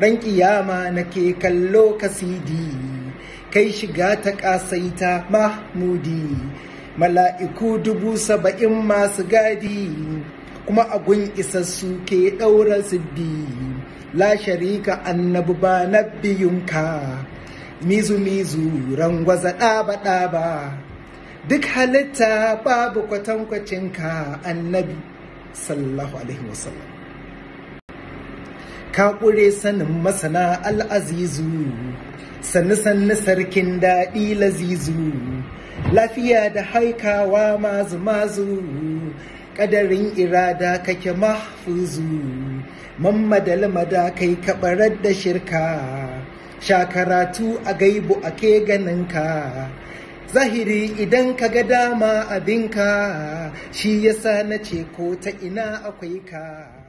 ran kiyama nake kallo ka kasidi kai shiga ta kasaita mahmudi mala'iku dubu saba'in masu gadi kuma agun isassu ke ɗaura siddi la sharika annabu ba na biyunka mizu mizu rangwaza ɗaba ɗaba duk halitta babu kwatankwacinka annabi sallahu alaihi wasallam ka ƙure sanin masana al'azizu sannu sannu sarkin daɗi lazizu lafiya da haikawa mazu mazu ƙadarin irada kake mahfuzu mamma da lamada kai kabarar da shirka shakaratu a gaibu a ke ganinka zahiri idan ka ga dama abinka shi yasa na ce ko ta ina akwai ka